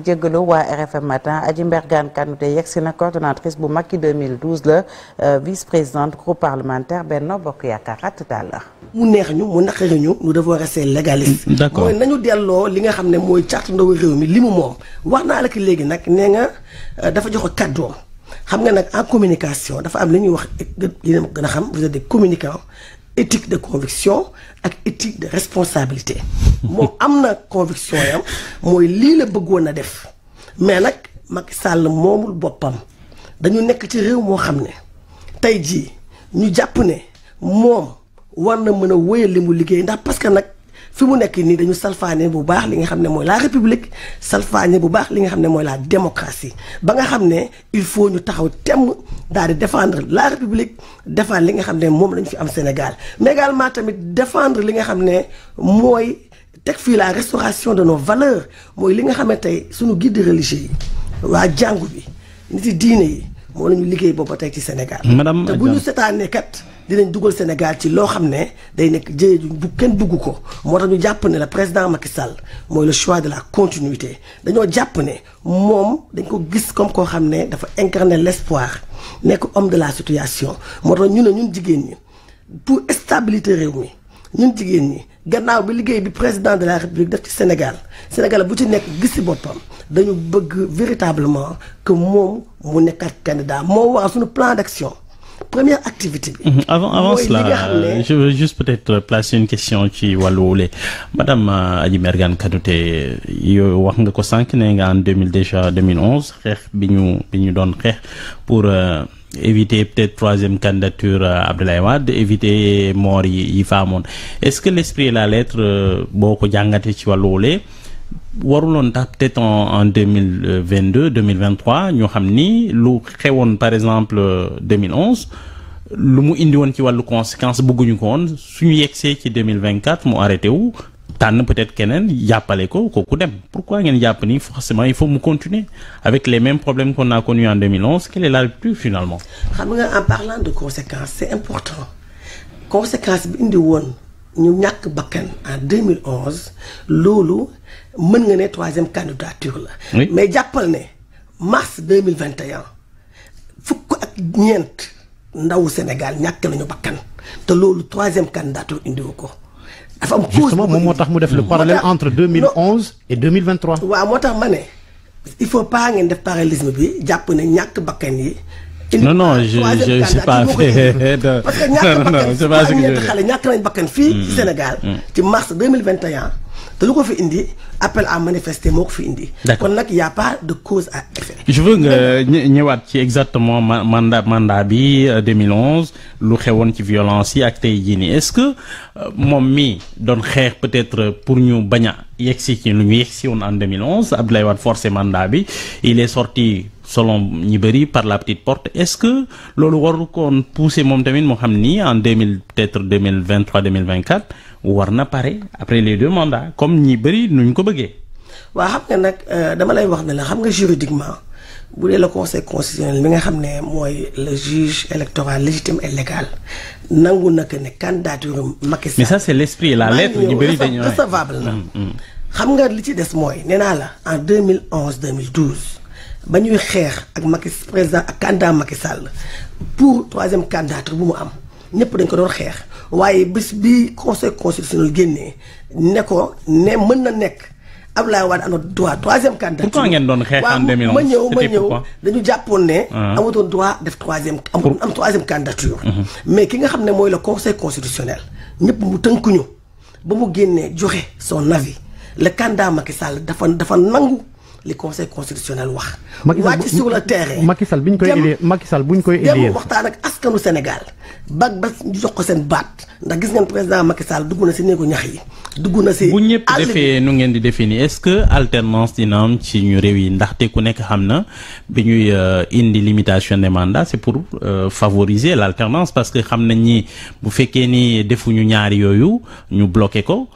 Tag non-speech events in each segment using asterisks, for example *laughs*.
jéggalu waa RFM matin Adji Mbergane Kanouté yegsi na coordonnatrice bu Macky 2012 la euh, vice-présidente groupe parlementaire Benno Bokk Yaakaar à tout à mu neex ñu mu naqari ñu nous devons rester légaliste mooy nañu delloo li nga xam ne mooy carte ndaw réew mi li mu moom wax naa la ki léegi nag nee nga euh, dafa joxe kàddoom xam nga nag en communication dafa am li ñuy wax gën a gën a xam vous êtes des éthique de conviction ak éthique de responsabilité moo *laughs* am na conviction yam mooy lii la bëggoon a def mais nag Macky sàll moomul boppam dañu nekk ci réew moo xam ne tey jii ñu jàpp ne moom war na mën a wéyal li mu liggéey ndax parce que nag fi mu nekk nii dañu salfaane bu baax li nga xam ne mooy la république salfaane bu baax li nga xam ne mooy la démocratie ba nga xam ne il faut ñu taxaw temm daal di défendre la république défendre li nga xam ne moom lañu fi am Sénégal mégalement également tamit défendre li nga xam ne mooy teg fii la restauration de nos valeurs mooy li nga xam ne tey suñu guide religieux yi waa jàngu bi nit yi diine yi moo la ñu liggéey booba tey ci Sénégal. madame te bu ñu seetaanee kat. dinañ dugal Sénégal ci loo xam ne day nekk jëye bu kenn bugg ko moo tax ñu jàpp ne la président Macky Sall mooy le choix de la continuité dañoo jàpp ne moom dañ ko gis comme koo xam ne dafa incarner l'espoir nekk homme de la situation moo tax ñu ne ñun jigéen ñi pour stabilité réew mi ñun jigéen ñi gannaaw bi liggéey bi président de la république def ci Sénégal Sénégal bu ci nekk gis ci boppam dañu bëgg véritablement que moom mu nekkaat candidat moo waral suñu plan d'action première activité bi. Mhm. avant avant cela je veux juste peut-être euh, placer une question ci wàllu wule madame euh, Adji Mergane Kanouté yow wax nga ko sànq ne nga en deux mille déjà deux mille onze xeex bi ñu bi ñu doon xeex pour. Euh, éviter peut-être troisième candidature Abdoulaye Wade éviter moor yi yi fa est-ce que l'esprit et la lettre boo ko jàngatee ci wàllu wule waruloon tax peut-être en en deux mille vingt deux deux mille vingt trois ñu xam ni lu xewoon par exemple euh, deux lu mu indi woon ci wàllu conséquence bëgguñu ko woon suñu yegsee ci deux mille vingt quatre mu arrêté wu tànn peut-être keneen jàppale ko kooku dem pourquoi ngeen jàpp ni forcément il faut mu continuer avec les mêmes problèmes qu'on a connus en deux mille onze quelle est la rupture finalement. xam nga en parlant de conséquences c'est important conséquence bi indi ñu ñàkk bakkan en deux 2011 loolu mën nga ne troisième candidature la. mais jàppal ne mars 2021 fukk ak ñeent ndawu Sénégal ñàkk nañu bakkan te loolu troisième candidature indiwu ko. dafa am pause justement moo tax mu def le parallèle entre 2011 et 2023. waaw moo tax ma ne il faut pas ngeen def parallélisme bi jàpp ne ñàkk bakkan yi. non no je je sais pas *laughs* nañ bakkan fii ci mm-hmm. Sénégal mm-hmm. ci mars te lu ko fi indi appel à manifester moo ko fi indi kon nag y a pas de cause à effet je veux nga ñëwaat ci exactement mandat mandat bi 2011 euh, lu xewoon ci violence yi ak tey jii nii est-ce que euh, moom mii doon xeex peut-être pour ñu bañ a yegsi ci lu ñu yegsi woon en 2011 Abdoulaye Wade forcé mandat bi il est sorti selon ñi bëri par la petite porte est-ce que loolu waru koon pousser moom tamit moo xam ni en deux mille peut-être deux mille vingt trois deux mille vingt quatre war na pare après les deux mandats comme ñi bëri nuñ ko bëggee. waaw xam nga nag euh, dama lay wax ne la xam nga juridiquement bu dee le conseil constitutionnel bi nga xam ne mooy le juge électoral légitime et légal nangu na que ne candidature Macky Sall. mais ça c'est l'esprit la lettre ñu bëri dañu recevable mm, mm. xam nga li ci des mooy nee naa la en 2011 2012 ba ñuy xeex ak Macky président ak candidat Macky Sall pour troisième candidature bu mu am ñëpp dañ ko doon xeex waaye bis bi conseil constitutionnel génnee ne ko ne mën na nekk Abdoulaye Wade am na droit troisième candidature. pourquoi ngeen doon xeex en 2011 ma ñëw ma ñëw dañu jàppoon ne. Ah. amatoon droit def troisième am am troisième candidature. Mhm. mais ki nga xam ne mooy le conseil constitutionnel ñëpp mu tënkuñu ba mu génnee joxe son avis le candidat Macky Sall dafa dafa nangu. li conseil constitutionnel wax. wàcc sur le terrain. Macky Sall bi ñu koy élire makisal bu ñu koy élire dem waxtaan ak askanu Sénégal. bag ba ñu jox ko seen baat ndax gis ngeen président Macky Sall dugg na si néegu ñax yi. dugg na si bu ñëpp defee nu ngeen di définir est-ce que alternance dina am ci ñu réew yi ndaxte ku nekk xam na bi ñuy euh, indi limitation de mandats c'est pour euh, favoriser l'alternance parce que xam nañ ni bu fekkee ni defuñu ñaari yooyu ñu bloqué ko.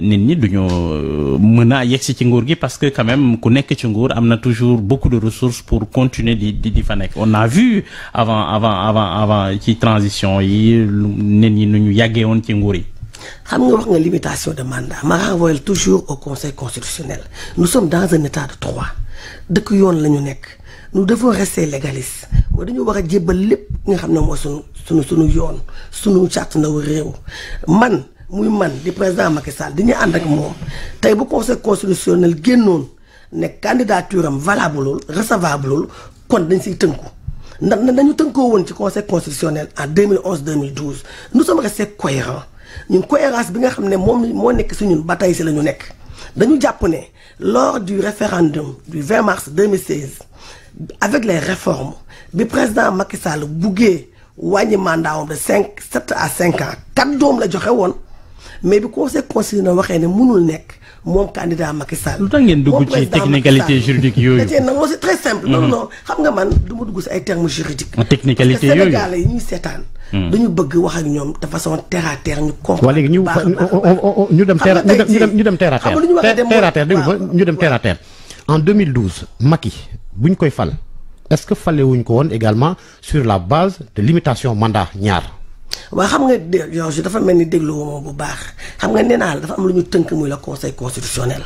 nit ñi duñu euh, mën a yegsi ci nguur gi parce que quand ku nekk ci nguur am na toujours beaucoup de ressources pour continuer di di fa nekk on a vu avant avant avant avant ci transition yi nit ñi nu ñu yàggee woon ci nguur yi. xam nga wax nga limitation de mandat ma renvoie toujours au conseil constitutionnel nous sommes dans un état de droit dëkk yoon la ñu nekk nous devons rester légalistes mooy dañu war a jébbal lépp nga xam ne mooy sunu sunu sunu yoon sunu càtt ndaw muy man di président Macky Sall di ñu ànd ak moom tey bu conseil constitutionnel génnoon ne candidature am valable recevable kon dañ siy tënku ndax dañu tënkoo woon ci conseil constitutionnel en 2011 2012 nous sommes restés cohérents ñun cohérence bi nga xam ne moom moo nekk si ñun ba tey si la ñu nekk dañu jàpp ne lors du référendum du 20 mars 2016 avec les réformes bi président Macky Sall buggee wàññi mandat wam de cinq sept à cinq ans kat doom la joxe woon. mais bi conseil na waxee ne mënul nekk moom candidat Macky Sall. lu te ngeen dugg ci technicalité juridique yooyu. da *laughs* cee nangoo c'est simple. Mm-hmm. non non xam nga man du ma dugg si ay termes juridiques. Ah, technicalité yooyu parce que sénégalais yi mm. bëgg wax ak ñoom de façon terre à terre ñu. comprendre wala léegi ñu ñu dem. terre ñu dem terre à terre terre ñu dem terre à terre. en 2012 Macky buñ koy fal est-ce que fale wuñ ko woon également sur la base de limitation mandaa ñaar. waa xam nga yow si dafa mel ni dégluwuma bu baax xam nga nee naa la dafa am lu ñu tënk muy la conseil constitutionnel.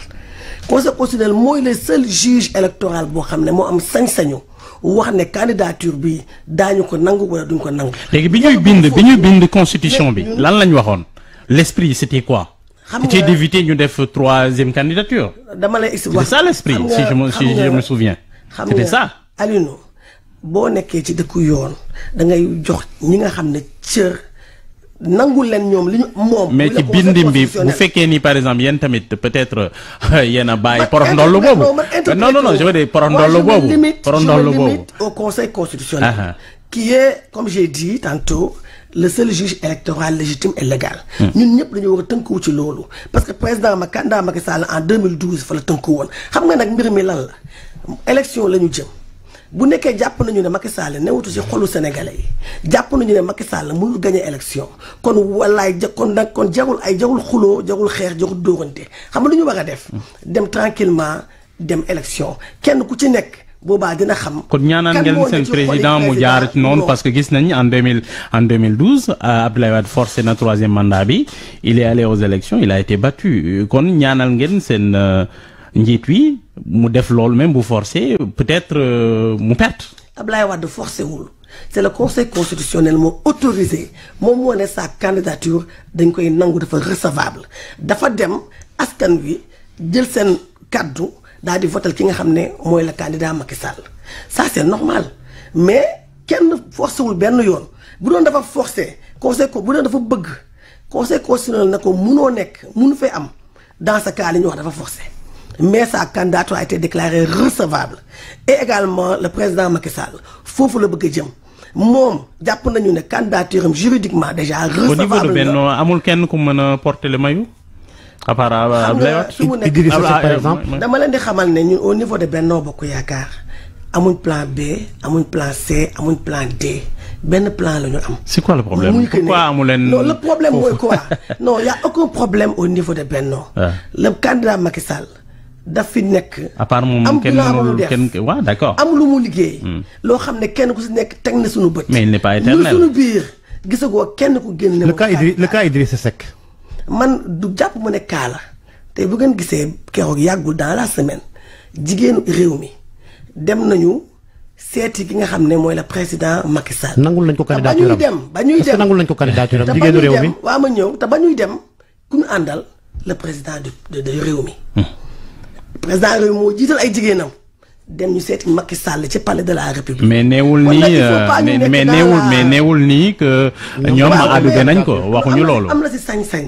conseil constitutionnel mooy le seul juge électoral boo xam ne moo am sañ-sañu wax ne candidature bi daañu ko nangu wala duñ ko nangu. léegi bi ñuy bind bi ñuy bind constitution bi lan lañ waxoon l'esprit c'était quoi. xam nga d'éviter ñu def troisième candidature. dama lay expliquer c'est ça l'esprit si je me si je me souviens. c'était ça Alioune boo nekkee ci dëkku yoon da ngay jox ñi nga xam ne cër. nangul leen ñoom li ñu moom. mais ci bindim bi bu fekkee ni par exemple yéen tamit peut-être euh, yéen a bàyyi porof ndollu boobu. non euh, non non je veux dire porof ndollu boobu. porof ndollu boobu au conseil constitutionnel. Ah, ah. qui est comme j'ai dit tantôt. le seul juge électoral légitime et légal. Hmm. ñun ñëpp dañoo war a tënkuwu ci loolu. parce que président ma candidat Macky Sall en 2012 fa la tënku woon xam nga nag mbir mi lan la élection la ñu jëm. bu nekkee jàpp nañu ne Macky Sall newutu ci xolu sénégalais yi jàpp nañu ne Macky Sall mënul gagné élection kon wallaay ja kon nag kon jagul ay jagul xuloo jagul xeex jagul dóorante xam nga lu ñu war a def. Hmm. dem tranquillement dem élection kenn ku ci nekk. boobaa dina xam. kon ñaanaan ngeen seen président mu jaar ci noonu parce que gis nañ en 2000 en 2012 euh, Abdoulaye Wade forcé na troisième mandat bi il est allé aux élections il a été battu kon ñaanal ngeen seen. Euh, njiit wi mu def loolu même bu forcé peut-être euh, mu perte. Ablaye Wade forcé wul c'est la conseil constitutionnel moo autorisé moom moo ne sa candidature dañ koy nangu dafa recevable dafa dem askan wi jël seen kàddu daal di votal ki nga xam ne mooy la candidat Macky Sall ça c'est normal mais kenn forcé benn yoon bu doon dafa forcé conseil bu doon dafa bëgg conseil na ko munoo nekk munu fee am dans ce li ñuy wax dafa forcé mais sa candidature a été déclarée recevable et également le président Macky Sall foofu la bëgg a jëm moom jàpp nañu ne candidature am juridiquement déjà recevable au niveau amul kenn ku mën a porter le maillot à part euh, Abdoulaye Wade su a nekk ah, ah, euh, dama leen di xamal ne ñun au niveau de Benno Bokk Yaakaar amuñ plan B amuñ plan C amuñ plan D benn plan la ñu am. c'est quoi le problème muy pourquoi amu leen non le problème mooy quoi *laughs* non y aucun problème au niveau de Benno ah. le candidat Macky Sall daf fi nekk. à part moom kenn mënul kenn waaw d'accord am lu mu liggéey. Hmm. loo xam ne kenn ku si nekk teg na suñu bët. mais il n'est pas éternel suñu biir. gisagoo kenn ku génn. ne le cas Idriss le cas Idriss Seck. man du jàpp ma ne kaa la te bu ngeen gisee keroog yàggul dans la semaine jigéenu réew mi dem nañu seeti ki nga xam ne mooy la président Macky Sall. nangul nañ ko candidature ba ñuy dem ba ñuy dem parce que nangul lañ ko candidature am réew mi. waaw ma ñëw te ba ñuy dem ku ñu àndal le président de de réew mi. Hmm. président réew moo jiital ay jigéenam dem ñu seeti Macky Sall ci palais de la république. mais neewul nii mais neewul mais neewul nii que. ñoom adoubé nañ ko waxuñu loolu. am na ci sañ-sañ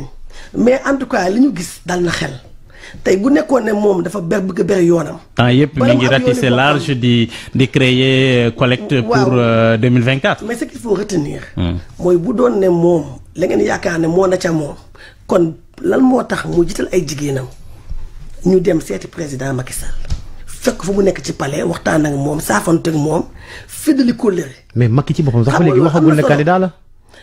mais en tout cas li ñu gis dal na xel. tey bu nekkoon ne moom dafa ber bëgg ber yoonam. temps yëpp mi ngi ratisser large di di créer collecte pour 2024. Euh, mais ce qu'il faut retenir. Hmm. mooy bu doon ne moom la ngeen yaakaar ne moo na ca moom kon lan moo tax mu jiital ay jigéenam. ñu dem seeti président Macky Sall fekk fu mu nekk ci pale waxtaan ak moom saafante ak moom fëddali kóllëre. mais Macky ci boppam sax ba léegi waxagul ne candidat la.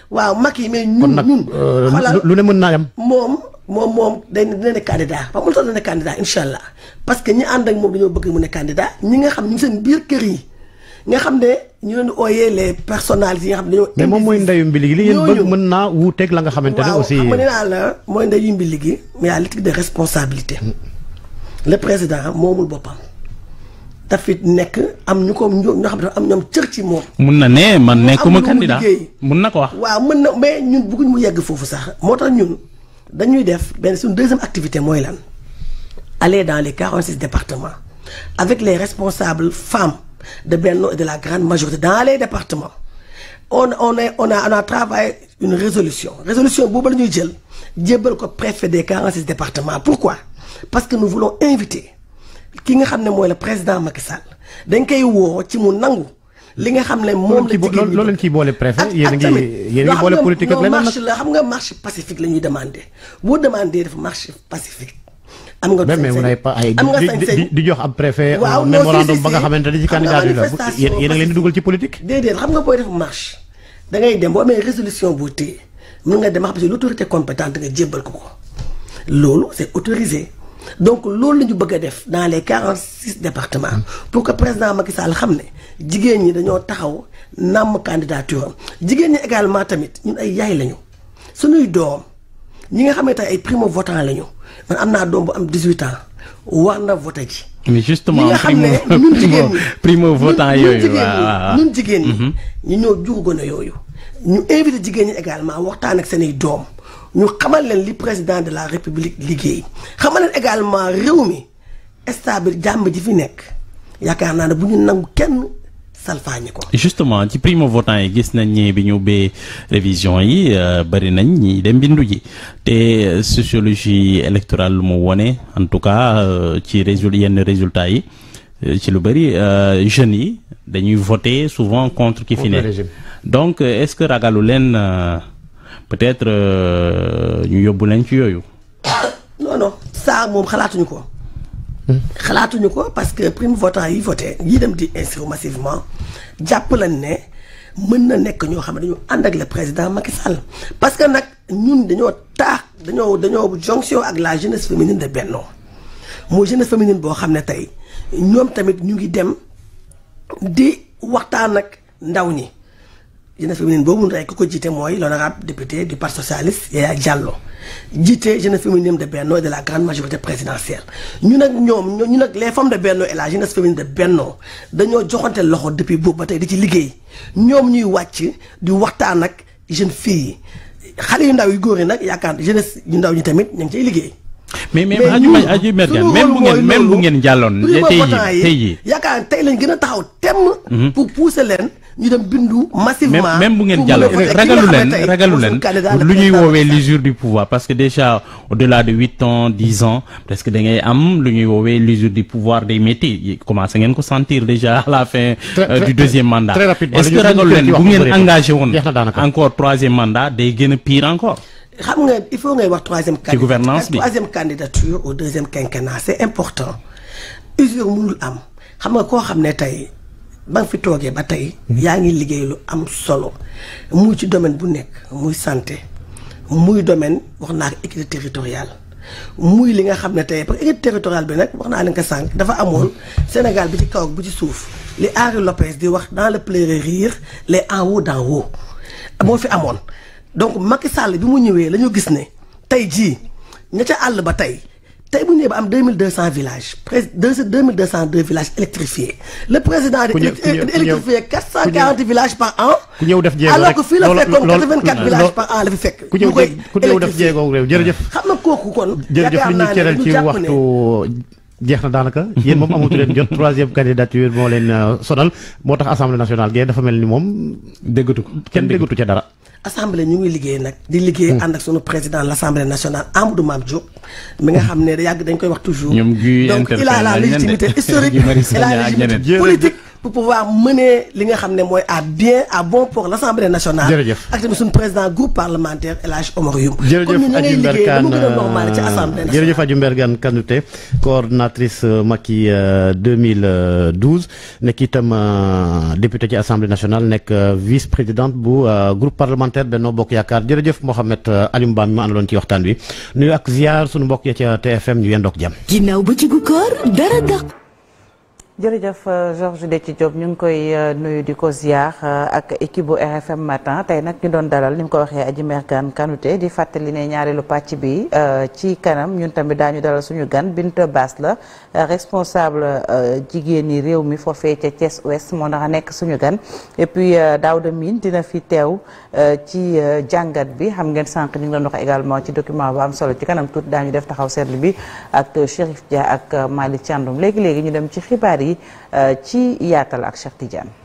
waaw Macky mais ñun ñun. Euh, xoolal lu ne mën naa am moom moom moom day dina ne candidat ba mu tax dina incha allah parce que ñi ànd ak moom dañoo bëgg mu ne candidat ñi nga xam ñu seen biir kër yi nga xam ne ñu leen ooyee les personnalités yi nga xam ne dañoo. mais moom mooy ndayu mbiligi li yéen la nga xamante ne. aussi waaw xam la euh, mooy ndayu mbiligi mais à de responsabilité. le président moomul boppam dafit nekk am ñu ko ñoo xam ne am ñoom cër ci moom. mun na ne man nekkuma candidat mun na ko wax. waaw mën na mais ñun bëgguñ mu yegg foofu sax moo tax ñun dañuy def benn suñu deuxième activité mooy lan aller dans les 46 départements avec les responsables femmes de Benno de la grande majorité dans les départements on on est on a on a travaillé une résolution résolution boobu la ñuy jël jébbal ko préfet des département pour pourquoi. parce que nous voulons inviter ki nga xam ne mooy le président Macky Sall dañ koy woo ci mu nangu li nga xam ne moom la jigéen ñi loolu lañ ciy boole préfet yéen a a ngi boole politique ak leneen marche la xam nga marche pacifique la ñuy demandé boo demandé def nga doon sañ am nga sañ di jox ab ba nga xamante ne ci candidat bi la yéen a ngi leen di dugal ci politique déedéet xam nga booy def ngay dem boo amee résolution boo téye mën nga dem xam si l'autorité compétente nga jébbal ko ko loolu c'est autorisé donc loolu la ñu bëgg a def dans les quarante six départements pour que président Macky Sall xam ne jigéen ñi dañoo taxaw nàmm candidature jigéen ñi également tamit ñun ay yaay lañu suñuy doom ñi nga xam ne tey ay primo votant lañu man am naa doom bu am dix huit ans war na voté ji. mais justement ñi nga xam ne ñun jigéen ñi primo votant yooyu waaw ñun jigéen jigéen ñi. Mm-hmm. ñu ñoo jur gone yooyu ñu invité jigéen ñi également waxtaan ak seen doom. ñu xamal leen li président de la république liggéey xamal leen également réew mi stable jàmm ji fi nekk yaakaar naa ne bu ñu nangu kenn salfaañi ko. justement ci primo votant yi gis nañ ñi bi ñu ubbee révision yi euh, bëri nañ ñi dem bindu ji te euh, sociologie électorale lu mu wone en tout cas euh, ci résul yenn résultats yi ci lu bëri jeunes yi dañuy voter souvent contre ki fi ne donc est-ce que ragalu leen. peut-être euh, ñu yóbbu leen ci yooyu. *coughs* non saa moom xalaatuñu ko. xalaatuñu ko parce que prime votant yi voté yi dem di inscrire massivement jàpp lañ ne mën na nekk ñoo xam ne dañu ànd ak le président Macky Sall parce que nag ñun dañoo taax dañoo dañoo jonction ak la jeunesse féminine de Benno moo jeunesse féminine boo xam ne tey ñoom tamit ñu ngi dem di waxtaan nag ndaw ñi. jeunesse féminine boobu rek ku ko jiite mooy l'honorable député du parti socialiste Yaya Diallo jiite jeunesse féminine de Benno de la grande majorité présidentielle ñu nag ñoom ñu nag les femmes de Benno et la jeunesse féminine de Benno dañoo joxante loxo depuis boobu ba tey di ci liggéey ñoom ñuy wàcc di waxtaan ak jeunes filles yi xale yu ndaw yu góor yi nag yaakaar jeunesse yu ndaw ñi tamit ñu ngi ciy liggéey. mais mais Adji Adji Mergane même bu ngeen même bu ngeen jàlloon tey jii yaakaar tey lañ gën a taxaw temm mhm. pour pousser leen ñu dem bindu massivement même bu ngeen jàll ragalu leen ragalu leen lu ñuy woowee l'usure du pouvoir parce que déjà au-delà de huit ans dix ans presque da ngay am lu ñuy woowee l'usure du pouvoir des métiers commencé ngeen ko sentir déjà à la fin euh, du deuxième mandat est-ce que ragalu leen bu ngeen engagé woon encore troisième mandat day gën a pire encore xam nga il faut ngay wax troisième gouvernance bi troisième candidature au deuxième quinquennat c'est important usure mënul am xam nga koo xam ne tey ba fi toogee ba tey. yaa ngi liggéey lu am solo. muy ci domaine bu nekk muy santé muy domaine wax naa ko équité territoriale muy li nga xam ne tey parce que équité territoriale bi nag wax naa leen ko sànq dafa amoon Sénégal bi ci kaw bu ci suuf li Henri Lopez di wax dans le pleurer les en wo d'en haut moo fi amoon donc Macky sàll bi mu ñëwee la gis ne tey jii ña ca àll ba tey. tey bu ñu nee ba am deux mille deux cent villages près deux deux mille deux cent deux villages électrifiés le président. ku ñëw di électrifier quatre cent quarante villages par an. ku ñëw def jéego rek alors la fi fekk. ku ñëw ku ñëw def jéego réew jërëjëf. xam nga kooku kon. yaakaar naa ne du ne jërëjëf ñu cëral ci waxtu. jeex na daanaka yéen moom amatu leen jot troisième candidature moo leen euh, sonal moo tax assemblée nationale gee dafa mel ni moom. déggatu ko kenn déggatu ca dara. assemblée ñu ngi liggéey nag di liggéey hmm. ànd ak sunu président l' assemblée nationale Amadou Mame Diop mi nga hmm. xam ne yàgg dañ koy wax toujours donc il a la légitimité historique il a la pour pouvoir mener li nga xam ne mooy à bien à bon port l'Assemblée nationale. jërëjëf ak tamit suñu président groupe parlementaire El Hadj Omar Youm. jërëjëf Adji Mbergane comme ni ñu ngi normal ci euh, Assemblée nationale. jërëjëf Adji Mbergane Kanouté coordonnatrice euh, Macky 2012 euh, nekk itam député ci Assemblée nationale nekk vice présidente bu groupe parlementaire Benno Bokk Yaakaar jërëjëf Mouhamed Alioune Ba mi ma àndaloon ci waxtaan wi nuyu ak ziar sunu mbokk ya ca TFM ñu yendook jàmm. ginnaaw ba ci gu koor dara dàq. jërëjëf euh, de ci Diop ñu ngi koy euh, nuyu di ko ziar euh, ak équipe bu RFM matin tey nag ñu doon dalal ni mu ko waxee Adji Mergane Kanouté di fàttali ne ñaareelu pàcc bi ci kanam ñun tamit daañu dalal suñu gan bint baas la responsable jigéen ñi réew mi foofee ca ces Ouest moo tax a nekk suñu gan et puis Daouda Mine dina fi teew ci jàngat bi xam ngeen sànq ñu ngi doon wax également ci document bu am solo ci kanam tuuti daañu def taxaw seetlu bi ak Chérif Dia ak Malick Thiandoum léegi léegi ñu dem ci xibaar yi. yi ci yaatal ak Cheikh Tidiane